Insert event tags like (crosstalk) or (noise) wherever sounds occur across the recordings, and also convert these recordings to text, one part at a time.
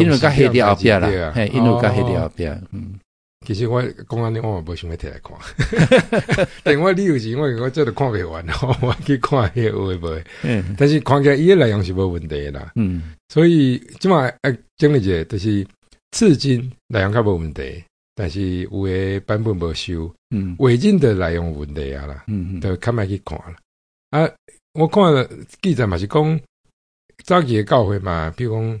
因為甲黑啲後壁啦，係因為佢黑後壁。其實我講安尼我唔無想睇來看，但係 (laughs) (laughs) 我理由是因為我真係看唔完，我 (laughs) 去看迄下會唔會？嗯，但是看起來伊誒內容是無問題啦。嗯，所以即係話誒，整理者著是至今內容較無問題，但是有誒版本無收嗯嗯，嗯，未盡的內容有問題啊啦，著開埋去看啦。啊，我看了記者嘛，是講早期誒教會嘛，比如講。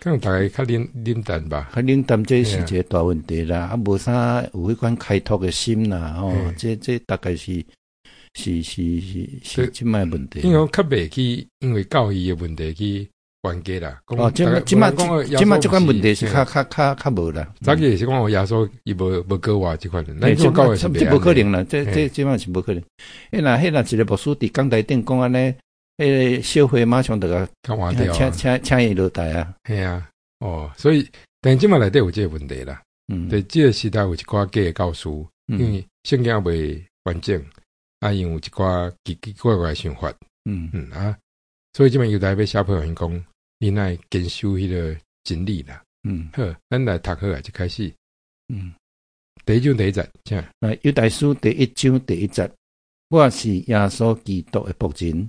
可能大概較冷冷淡吧，較冷淡即是一個大問題啦，啊無啥有嗰款開拓的心啦，哦，即即大概是是是是即擺問題。題，因為較袂去因為教育的問題去關結啦。哦，即即即即即款問題是較較較較無啦。早期誒時講，我耶穌伊無無講話即款嘅，你做教育係無可能啦，即即即是無可能。誒嗱，迄啦，一個牧師佇講台頂講安尼。誒，社會馬上得個搞壞掉，啊啊，請請請伊落台啊！係啊、嗯，哦，所以但即日內底有即個問題啦。嗯，即、這個時代有一寡假誒教師，因為性格未完整，啊，因為有一寡奇奇怪怪誒想法。嗯嗯啊，所以今日又代表小朋友講，伊若會堅守迄個真理啦。嗯，好，咱來讀好啊，就開始。嗯，第一章第一節，嗱，猶大書第一章第一節，我是耶穌基督誒僕人。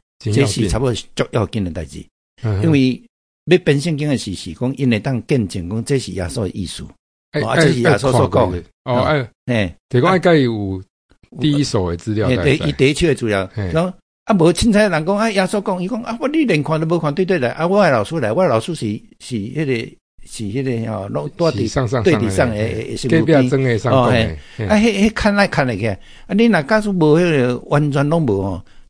這是差不多足要緊嘅代志，因為你本身經嘅事是講，因為當見證講這是耶穌的意思，啊，這是耶穌所講嘅。哦，誒，誒，提講啊，佢有第一手嘅資料，一第一手嘅資料，咁啊，冇清采人講啊，耶穌講，佢講啊，我你連看都冇看對對啦，啊，我嘅老師嚟，我老師是是嗰啲是嗰啲啊，攞多啲上上上對咁要真係上對啊，啊，睇睇看嚟嘅，啊，你嗱假如冇嗰個完全都冇。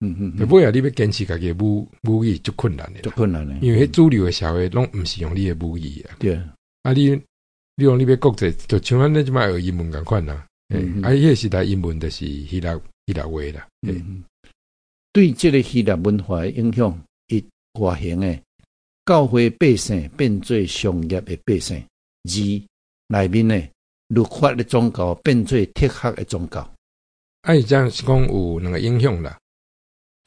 (noise) 嗯嗯哼，你不要你俾堅持自己母母語就困難嘅，就困難嘅，因為主流嘅社會都唔係用你嘅母語啊。對啊，啊你你用你俾國字就像我哋咁樣學英文、嗯哼啊、時代英文就是，是希臘希臘話啦。嗯哼，對，即係希臘文化嘅影響一，外形嘅教會百姓變做商業嘅百姓；二，內面律法嘅宗教變做哲學嘅宗教。啊，即係講有兩個影響啦。